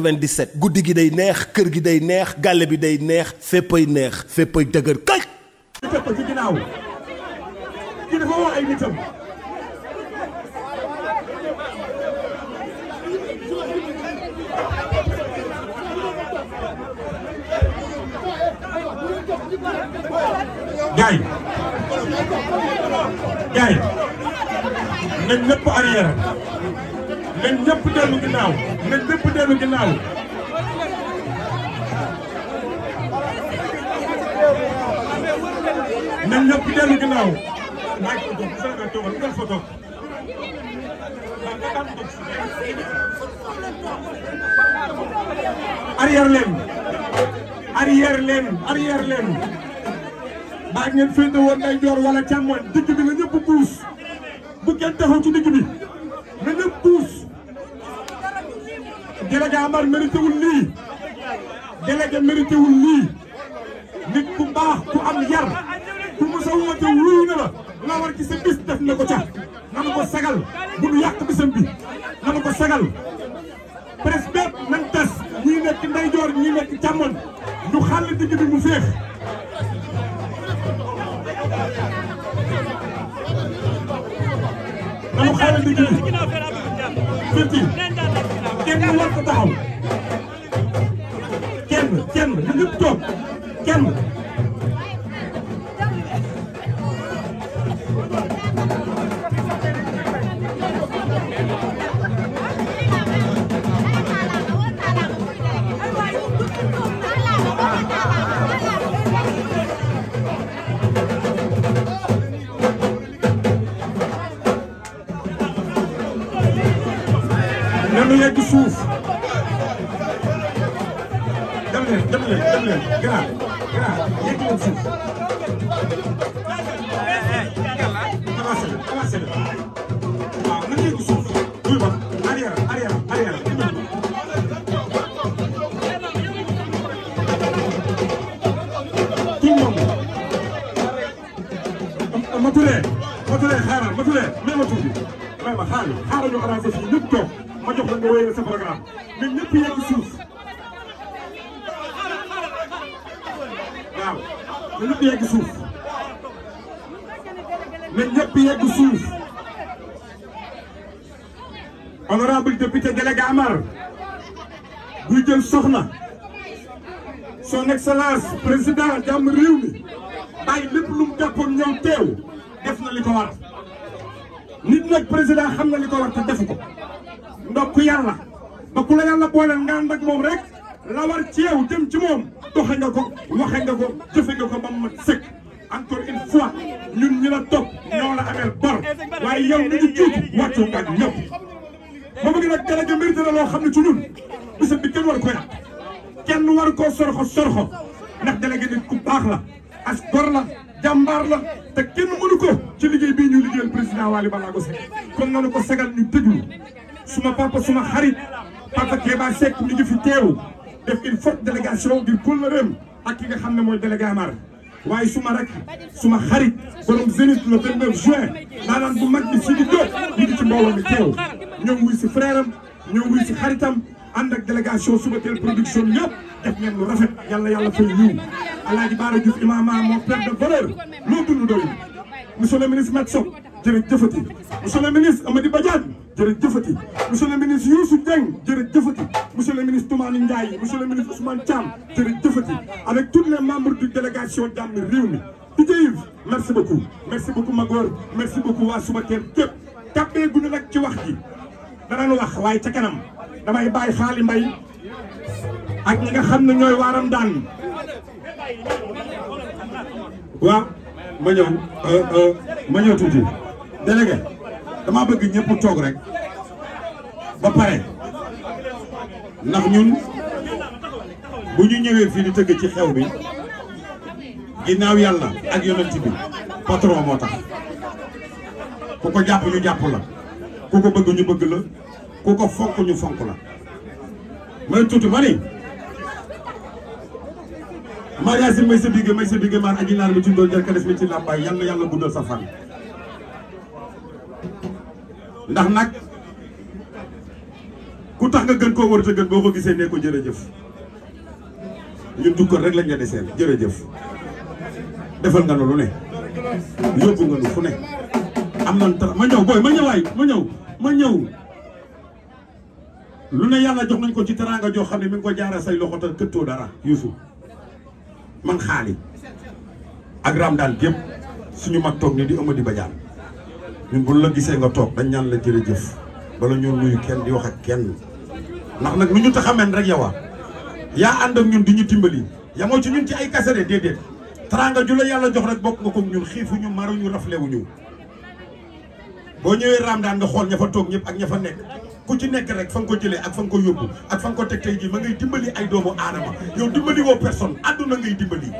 97 guddi gi day neex kër gi day neex gàlle bi day neex féppay neex féppay dëgër kay. ñu teg ko ci ginnaaw ki dafa wax ay ginnaaw. na ñëpp dellu ginnaaw na ñëpp dellu ginnaaw maa leen arrière leen arrière ngeen féete woon day joor wala càmmoñ digg bi ñëpp puus bu kenn ci digg na ñëpp puus délégué Amar mérité lii délégué mérité lii nit ku baax ku am yar ku musa woote na la la war ci sa bis na ko ca nanu ko sagal bu nu yàq bisam bi nanu ko sagal presse bépp nañ tas ñii nekk ndeyjoor ñii nekk càmmoñ ñu xàll digg bi mu féex nanu xàll digg bi firti kenn war ko taxaw kenn kenn na ñëpp toog kenn lu yegg suuf dem leen dem leen dem leen grand grand yegg leen suuf avancé leen avancé leen waaw na yegg suuf duy ba arrière arrière arrière tout le monde ma tulee ma tulee xaaral ma tulee mais ma tuuti may ma xaaral xaaral ñu arrangé fii ñëpp toog ma jox la nga wéyale sa programme mais ñëpp yegg suuf waaw mais ñëpp yegg suuf mais ñëpp yegg suuf honorable député délégué Amar buy jël soxna son excellence président jàmm réew mi bàyyi lépp lu mu jàppoon ñoom teew def na li ko war nit nag président xam na li ko war te defu ko dog ku yàlla ba ku la yàlla booleel nga ànd moom rek la war ci yow jëm ci moom doxe nga ko waxe nga ko jëfe ko ba mu mat sëkk encore une fois ñun ñi la topp ñoo la ameel bor waaye yow ni ñu jiitu wàccu nga ak ñëpp ma bëgg nag la loo xam ne ci ñun bés kenn war ko yàq kenn war koo sorxo sorxo ndax délégué nit ku baax la as gor la jàmbaar la te kenn mënu ko ci liggéey bii ñu liggéeyal président Waly Ballago Seck kon nanu ko sagal ñu déglu suma papa suma xarit papa Kéba Seck mi ngi fi teew def une forte délégation ngir kóllëreem ak ki nga xam ne mooy délégué Amar waaye suma rek suma xarit borom Zénith le 29 juin naanaan bu mag bi si di jóg ñu ngi ci mbooloo mi teew ñoom wuy si frère am ñoom wuy si xaritam ànd ak délégation suba teel production yëpp def ngeen lu rafet yàlla yàlla fay ñëw Alaaji Baara Diouf imama moo perte de valeur loo dund doyul monsieur le ministre jërëjëfati monsieur le ministre Amady Badiane jërëjëfati monsieur le ministre Youssou Dieng jërëjëfati monsieur le ministre Toumani Ndiaye monsieur le ministre Ousmane Thiam jërëjëfati avec tous les membres du délégation Jàmmi Réew mi DJ Yves merci beaucoup merci beaucoup Magor merci beaucoup waa suba teel képp tàbbee guñu nag ci wax ji danañ wax waaye ca kanam damay bàyyi xaali mbay ak ñi xam ne ñooy waaram daan waaw ma ñëw euh, euh, ma ñëw délégué dama bëgg ñëpp toog rek ba pare ndax ñun bu ñu ñëwee fii di tëgg ci xew bi ginnaaw yàlla ak yonent bi patron moo tax ku ko jàpp ñu jàpp la ku ko bëgg ñu bëgg la ku ko fonk ñu fonk la may tuuti ma ni mariage si may sa bigge may sa bigge maan aji naar mi ci ndool jarkanes mi ci làmbaay yàlla yàlla guddal sa fan ndax nag ku tax nga gën koo warut a gën boo ko gisee ne ko jërëjëf ñun dukkoon rek lañ la deseel jërëjëf defal nga nu lu ne yóbbu nga nu fu ne am nan tara ma ñëw booy ma ñëwaay ma ñëw ma ñëw lu ne yàlla jox nañ ko ci teraanga joo xam ne mi ngi ko jaara say loxo te këttoo dara Youssou man xaali ak Raam daal gépp suñu mag toog ni di Amady Badiane ñun buñ la gisee nga toog dañ ñaan la jërëjëf bala ñoo nuyu kenn di wax ak kenn ndax nag lu ñu tax a rek yow yaa ànd ak ñun di ñu dimbali yamoo ci ñun ci ay kasare déedéet teraanga ju la yàlla jox rek bokk nga ko ñun xiifuñu maruñu raflewuñu boo ñëwee Ramadaan nga xool ña fa toog ñëpp ak ña fa nekk ku ci nekk rek fa nga ko jëlee ak fa nga ko yóbbu ak fa nga ko teg tey jii ma ngay dimbali ay doomu aadama yow dimbali woo personne àdduna ngay dimbali.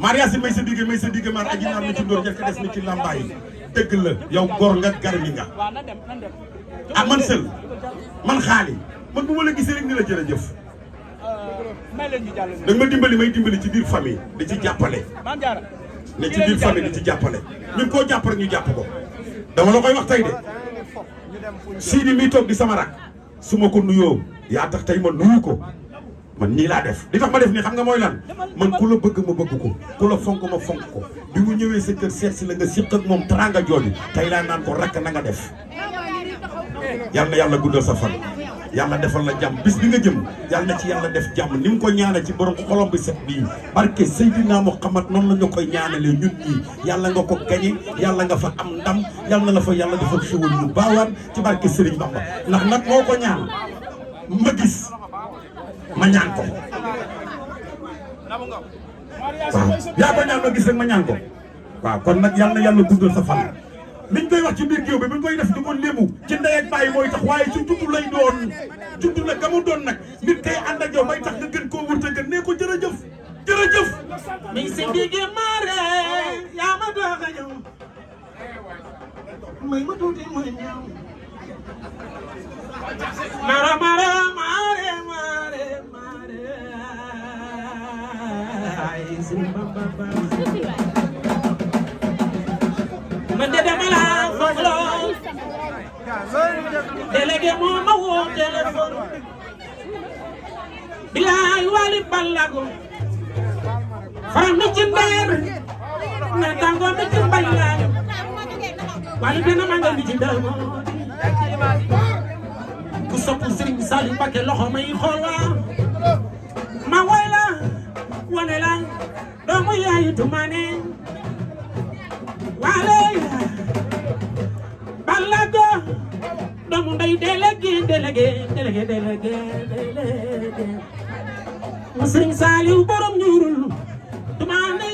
Marias yi may sa digg may sa digg maar aji naar mi ci ndóor njëkk des mi ci làmbaay yi dëgg la yow góor nga garmi nga ah man sël man xaali man bu ma la gisee rek a la jërëjëf danga ma dimbali may dimbali ci biir famille di ci jàppale ne ci biir famille di ci jàppale ñun koo jàpp rek ñu jàpp ko dama la koy wax tey de sii mi toog di sama suma su ma ko nuyoo yaa tax tey ma nuyu ko man nii laa def li tax ma def nii xam nga mooy lan man ku la bëgg ma bëgg ko ku la fonk ma fonk ko bi mu ñëwee sa kër seet si la nga siq ak moom teraanga jooju tey laa naan ko rakk na nga def yàlla yàlla guddal sa fan yàlla defal la jàmm bis bi nga jëm yàlla na ci yàlla def jàmm ni mu ko ñaanal ci borom xolom bi set bii barke Seydina Muhammad noonu la ñu koy ñaanalee ñun ñii yàlla nga ko gañe yàlla nga fa am ndam yàlla na la fa yàlla defal xéwal yu baawaan ci barke Serigne Bamba ndax nag moo ko ñaan ma gis ma ñaan ko waaw yaa ko ñaan ma gis rek ma ñaan ko waaw kon nag yal na yàlla guddal sa fan liñ koy wax ci biir géew bi buñ koy def di ko lébu ci ndey ak bàyyi mooy tax waaye ci juddu lay doon juddu nag gamu doon nag nit kay ànd ak yow may tax nga gën koo wërte gën nee ko jërëjëf jërëjëf mi si diggi maare yaa ma doog a ñëw may ma tuuti mooy ñaaw man de dama laa soxloo délégué moo ma woo téléphone bilaay wali ballago faram mi ci na tango mi ci mballaay wali dana mangal mi ci ndeer ku sopp Serigne Saliou Mbacké loxo may xool ma woy wane la doomu yaayu dumane waale balla go doomu nday délégué délégué délégué délégué délégué mu sëriñ Saaliw borom ñuurul dumane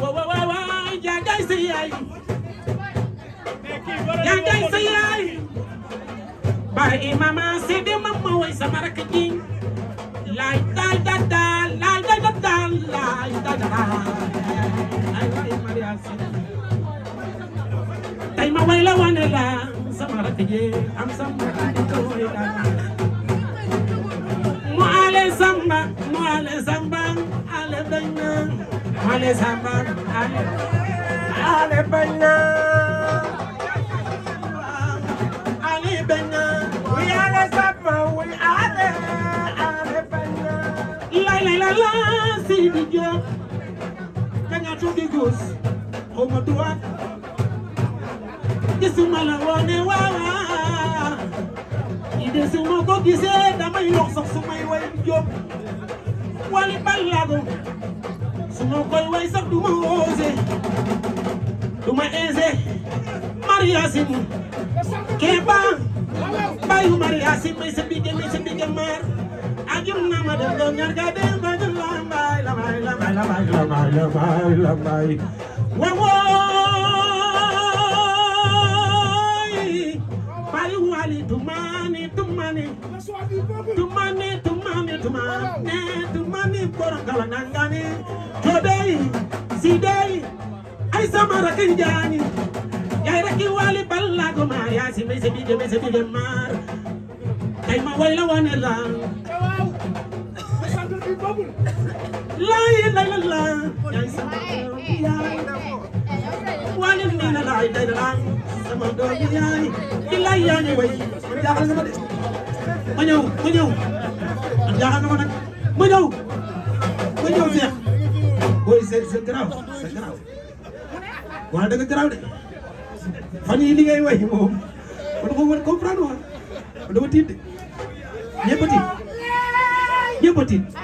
waawaawaay jaagay sa yaay jaagay sa yaay bare imama sede mamma way sama rakk ji tey ma way la wane la sama rakk ji am samba di ko way la mu ale samba mu ale samba ale bañ na mu ale samba ale bañ Elaa Sidi Diop da nga tuddi guus xaw ma droit gisuma la woone waawa i de su gisee damay yox sax su may way wali ballaago su ma koy way sax du ma osé du ma osé Maria Simu Keba bayu Maria Simu may sa bige may maar jum na ma def gongar ga dem ba jum lambay lambay lambay lambay lambay lambay lambay wawoy bari wali tumani tumani tumani tumani tumani tumani borongala nangani jodei sidei ay samara kanjani yaay raki wali ballago ma yasi mese bije mese bije ma wayla wane lang laay lay la la yaay sama doom yaay wali ni la laay lay la sama doom yaay di laay yaa ngi way man jaaxal nga ma de ma ñëw ma ñëw man jaaxal nga ma nag ma ñëw ma ñëw seex booy c'est c'est grave c'est grave wala da nga grave de fan yii li ngay way moom man ko war comprendre wala dama tiit de ñëpp a tiit ñëpp a tiit